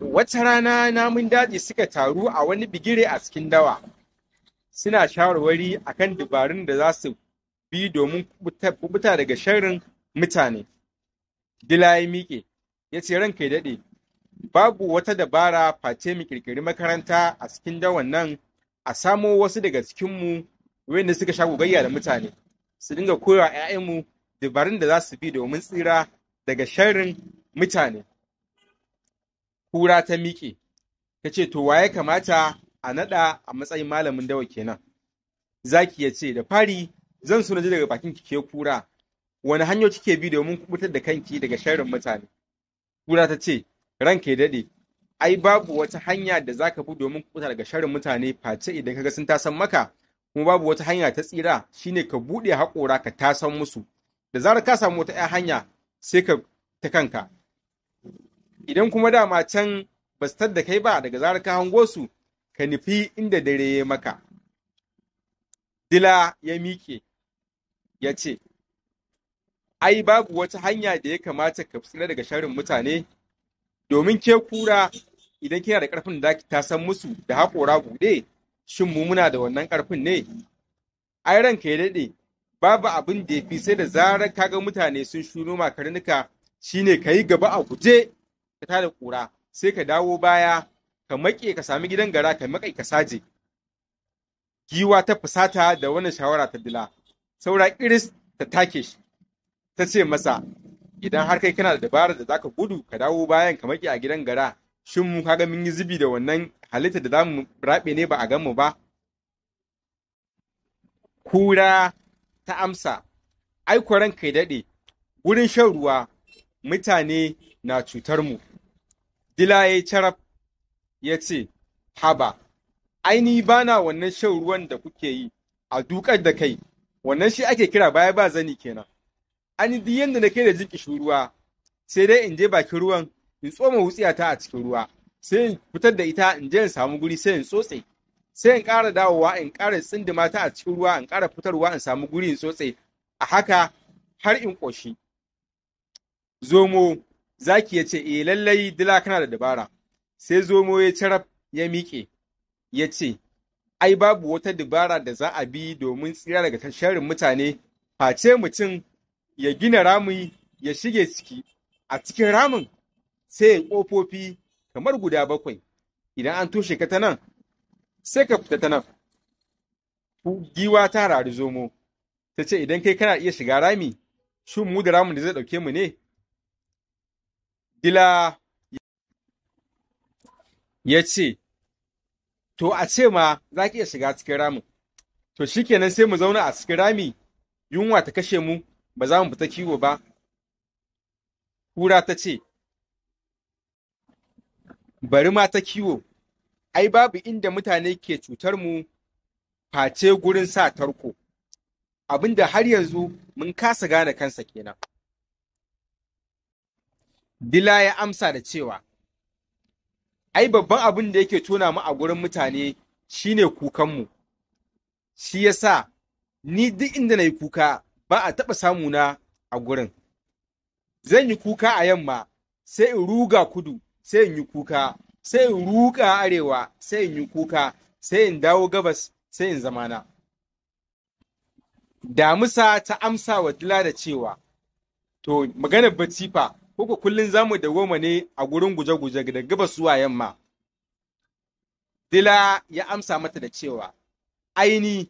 wata rana namun daji suka taru a wani bigire a cikin dawa suna shawarwari akan dabarun da za su bi domin kubuta daga sharrin mutane dila ya miƙe ya ce ranka ya daɗe babu wata dabara face mu kirkiri makaranta a cikin dawan nan a samo wasu daga cikinmu wanda suka sha gogayya da mutane su dinga koya 'ya'yanmu dabarun da za su bi domin tsira daga sharrin mutane kura ta miƙe ta ce to waye kamata a naɗa a matsayin malamin dawa kenan zaki ya ce da fari zan so na ji daga bakin ki ke kura wani hanyo kike bi domin kubutar da kanki daga sharrin mutane kura ta ce ranka ya daɗe ai babu wata hanya da zaka bi domin kubuta daga sharrin mutane face idan kaga sun tasan maka kuma babu wata hanya ta tsira shine ka buɗe haƙora ka tasan musu da zarar ka samu wata 'ya hanya sai ka ta kanka idan kuma dama can ba su da kai ba daga zarar ka hango su ka nufi inda dare ya maka dila ya miƙe ya ce ai babu wata hanya da ya kamata ka tsira daga sharin mutane domin ke kura idan kina da ƙarfin da ta san musu da haƙora buɗe shin mu muna da wannan ƙarfin ne ai ranka ya daɗe babu abin da ya fi sai da zarar kaga mutane sun shuno makarnuka shine ka yi gaba a guje ka tada kura sai ka dawo baya ka maƙe ka sami gidan gara ka maƙe ka saje giwa ta fusata da wannan shawara ta dila saura iris ta take shi ta ce masa idan har kai kana da dabarar da zaka gudu ka dawo bayan ka maƙe a gidan gara shin mu kaga mun yi zubi da wannan halitta da za mu rabe ne ba a gan mu ba kura ta amsa ai kuran kai daɗe gurin shan ruwa mutane na cutar mu Dila ya yi carab ya ce, Haba, aini ba na wannan shan ruwan da kuke yi a dukar da kai, wannan shi ake kira baya ba zani kenan. An duk yadda na kai da jin kishin ruwa, sai dai in je bakin ruwan in tsoma wutsiyata a cikin ruwa, sai in fitar da ita in je in samu guri sai in tsotse. Sai in ƙara dawowa in ƙara tsindima ta a cikin ruwa in ƙara fitarwa in samu guri in tsotse a haka har in ƙoshi. Zomo Zaki ya ce, E lallai dila kana da dabara, sai zomo ya carab ya miƙe, ya ce, Ai, babu wata dabara da za a bi domin tsira daga tasharin mutane, face mutum ya gina rami ya shige ciki, a cikin ramin sai ya ƙofofi kamar guda bakwai, idan an toshe ka ta nan, sai ka fita ta nan. Giwa ta rari zomo, ta ce, Idan kai kana iya shiga rami, shin mu da ramin da zai ɗauke mu ne? Dila ya ce, To, a ce ma za ki iya shiga cikin ramin, to shi kenan sai mu zauna a cikin rami, yunwa ta kashe mu, ba za mu fita kiwo ba. Kura ta ce, Bari ma ta kiwo, ai, babu inda mutane ke cutar mu face gurin sa tarko, abinda har yanzu mun kasa gane kansa kenan. Dila ya amsa da cewa, Ai, babban abin da yake tona mu a gurin mutane shi ne kukanmu, shi ya sa ni duk inda na yi kuka ba a taɓa samuna a gurin. Zan yi kuka a yamma, sai in ruga kudu, sai in yi kuka, sai in ruga arewa, sai in yi kuka, sai in dawo gabas, sai in zamana. Damisa ta amsa wa Dila da cewa, To, maganar batifa. kuku kullum za mu dawoma ne a gurin guje-guje da gabas zuwa yamma. Dila ya amsa mata da cewa, aini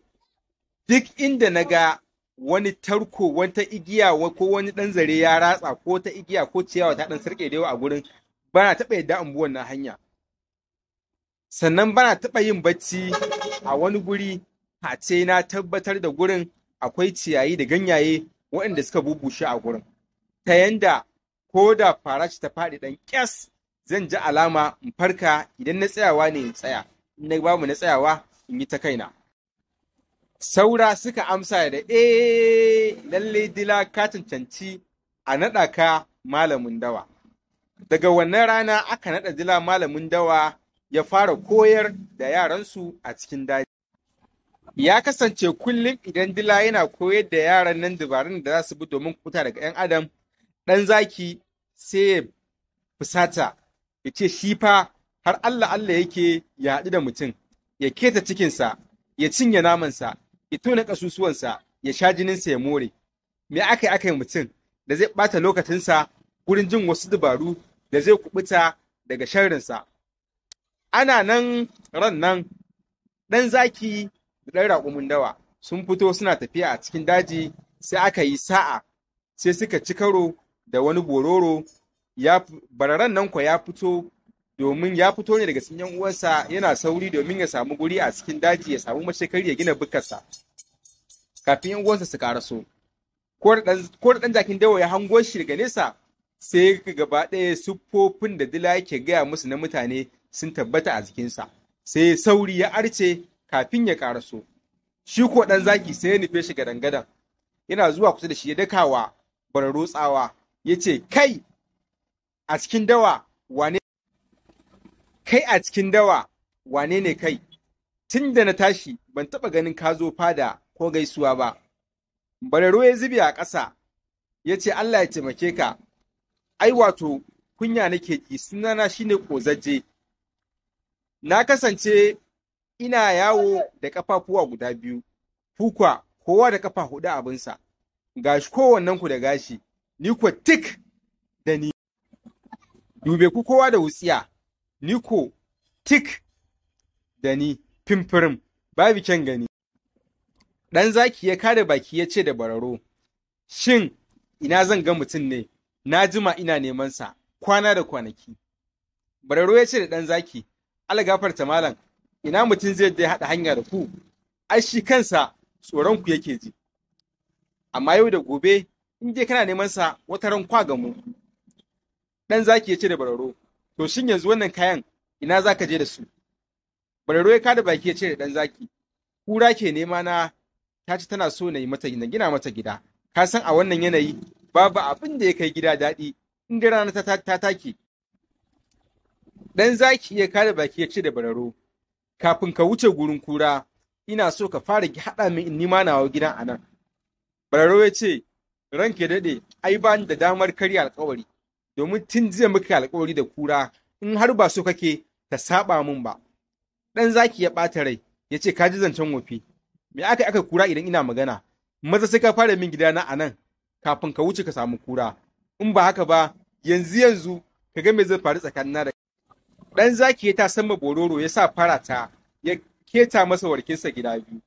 duk inda na ga wani tarko wata igiya ko wani ɗan zare ya ratsa ko ta igiya ko ciyawa ta ɗan sarƙe da yawa a gurin bana taɓa yadda in bi wannan hanya. Sannan bana taɓa yin bacci a wani guri ce na tabbatar da gurin akwai ciyayi da ganyaye waɗanda suka bubushe a gurin. Ta yanda ko da fara ta faɗi ɗan ƙyas zan ji alama in farka idan na tsayawa ne in tsaya in na babu na tsayawa in yi ta kaina saura suka amsa da eh lalle dila ka cancanci a naɗa ka malamin dawa daga wannan rana aka naɗa dila malamin dawa ya fara koyar da yaransu a cikin daji ya kasance kullum idan dila yana koyar da yaran nan dabarun da za su bi domin kuta daga 'yan adam ɗan zaki sai ya fusata ya ce shi fa har Allah Allah yake ya haɗu da mutum ya keta cikinsa ya cinye namansa ya tona ƙasusuwansa ya sha jininsa ya more me aka yi aka yi mutum da zai ɓata lokacinsa gurin jin wasu dabaru da zai kubuta daga sharrinsa ana nan ran nan ɗan zaki da ɗan raƙumin dawa sun fito suna tafiya a cikin daji sai aka yi sa'a sai suka ci karo da wani bororo ya bararan nan kwa ya fito domin ya fito ne daga cikin uwarsa yana sauri domin ya samu guri a cikin daji ya samu mashekari ya gina bukarsa kafin yan su karaso ko da dan jakin dawo ya hango shi daga nesa sai gaba ɗaya siffofin da dila yake gaya musu na mutane sun tabbata a jikinsa sai sauri ya arce kafin ya karaso shi ko ɗan zaki sai ya nufe shi gadan gadan yana zuwa kusa da shi ya dakawa bararo tsawa ya ce kai a cikin dawa wane kai a cikin dawa wane ne kai tun da na tashi ban taɓa ganin ka zo fada ko gaisuwa ba bararo ya zubi a ƙasa ya ce Allah ya taimake ka ai wato kunya nake ki sunana shine kozaje na kasance ina yawo da ƙafafuwa guda biyu kuka kowa da ƙafa huɗu abinsa gashi kowannen ku da gashi ni ko tik da ni. Dube ku kowa da wutsiya, ni ko tik da ni fimfirim babu kyan gani. Ɗan zaki ya kare baki ya ce da bararo, Shin ina zan ga mutum ne, na jima ina neman sa kwana da kwanaki. Bararo ya ce da ɗan zaki, algafarta malam, ina mutum zai dai haɗa hanya da ku, ai shi kansa ku yake ji. Amma yau da gobe in je kana neman sa wata ran kwa gamu dan zaki ya ce da bararo to shin yanzu wannan kayan ina zaka je da su bararo ya kada baki ya ce da dan zaki kura ke nema na ta ce tana so na yi mata gina mata gida ka san a wannan yanayi babu abin da ya kai gida daɗi in da rana ta take dan zaki ya kada baki ya ce da bararo kafin ka wuce gurin kura ina so ka fara haɗa min in nima nawa gidan anan. bararo ya ce ranke daɗe ai ba da damar karya alkawari domin tun jiya muka alkawari da kura in har ba so kake ta saba min ba dan zaki ya bata rai ya ce ka ji zancen wofi me aka aka kura idan ina magana maza sai ka fara min gidana a nan kafin ka wuce ka samu kura in ba haka ba yanzu yanzu ka ga me zai faru tsakanin da dan zaki ya ta ma bororo ya sa ta ya keta masa warkinsa gida biyu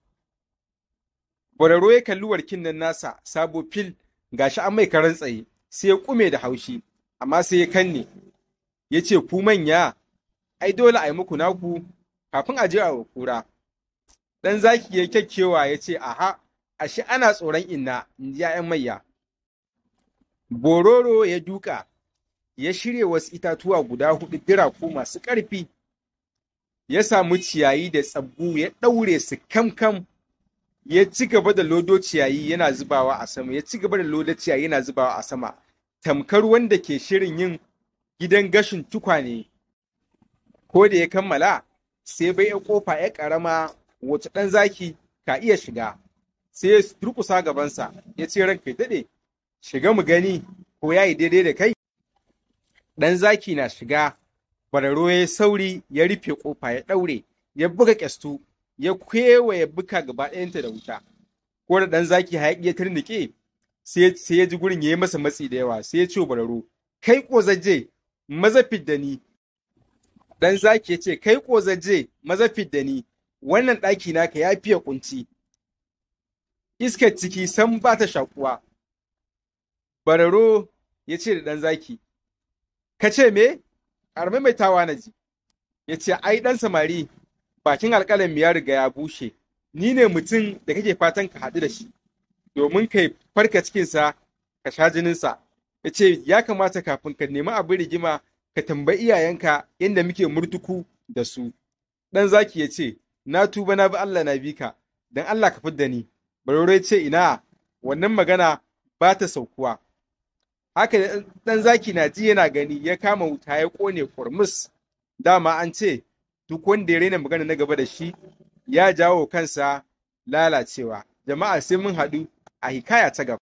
bororo ya kalli warkin nan nasa sabo fil Ga shi an mai karan tsaye sai ya kume da haushi amma sai ya kanne ya ce ku manya ai dole a yi muku naku kafin a je a kura dan zaki ya kyakkewa ya ce aha ashe ana tsoron inna in ji ‘ya'yan mayya bororo ya duka ya shirya wasu itatuwa guda hudu diraku masu ƙarfi ya samu ciyayi da tsabbu ya ɗaure su kamkam ya ci gaba da lodo ciyayi yana zubawa a sama ya ci gaba da lodo ciyayi yana zubawa a sama tamkar wanda ke shirin yin gidan gashin tukwane ko da ya kammala sai bai ya kofa ya karama wace ɗan zaki ka iya shiga sai ya turkusa gabansa ya ce ranka ya dade shiga mu gani ko ya yi daidai da kai ɗan zaki na shiga bararo ya sauri ya rufe kofa ya ɗaure ya buga kyastu. ya kewaye buka gaba ɗayanta da wuta ko da ɗan zaki hayaki ya turnike sai ya ji gurin ya yi masa matsi da yawa sai ya ce bararo kai ƙozaje maza fidda ni ɗan zaki ya ce kai ƙozaje maza fidda ni wannan ɗaki naka ya fiye kunci iskar ciki san ba ta shakuwa bararo ya ce da ɗan zaki ka ce me ƙarmai mai tawa na ji ya ce ai ɗan samari bakin alƙalin ya riga ya bushe ni ne mutum da kake fatan ka haɗu da shi domin kai farka cikinsa ka sha jininsa ya ce ya kamata kafin ka nemi abin rigima ka tambayi iyayenka yadda muke murtuku da su ɗan zaki ya ce na tuba na bi Allah na bi ka don Allah ka fidda ni barorai ce ina wannan magana ba ta saukuwa haka ɗan zaki na ji yana gani ya kama wuta ya ƙone kurmus dama an ce duk wanda ya raina magana na gaba da shi ya jawo kansa lalacewa jama'a sai mun haɗu a hikaya ta gaba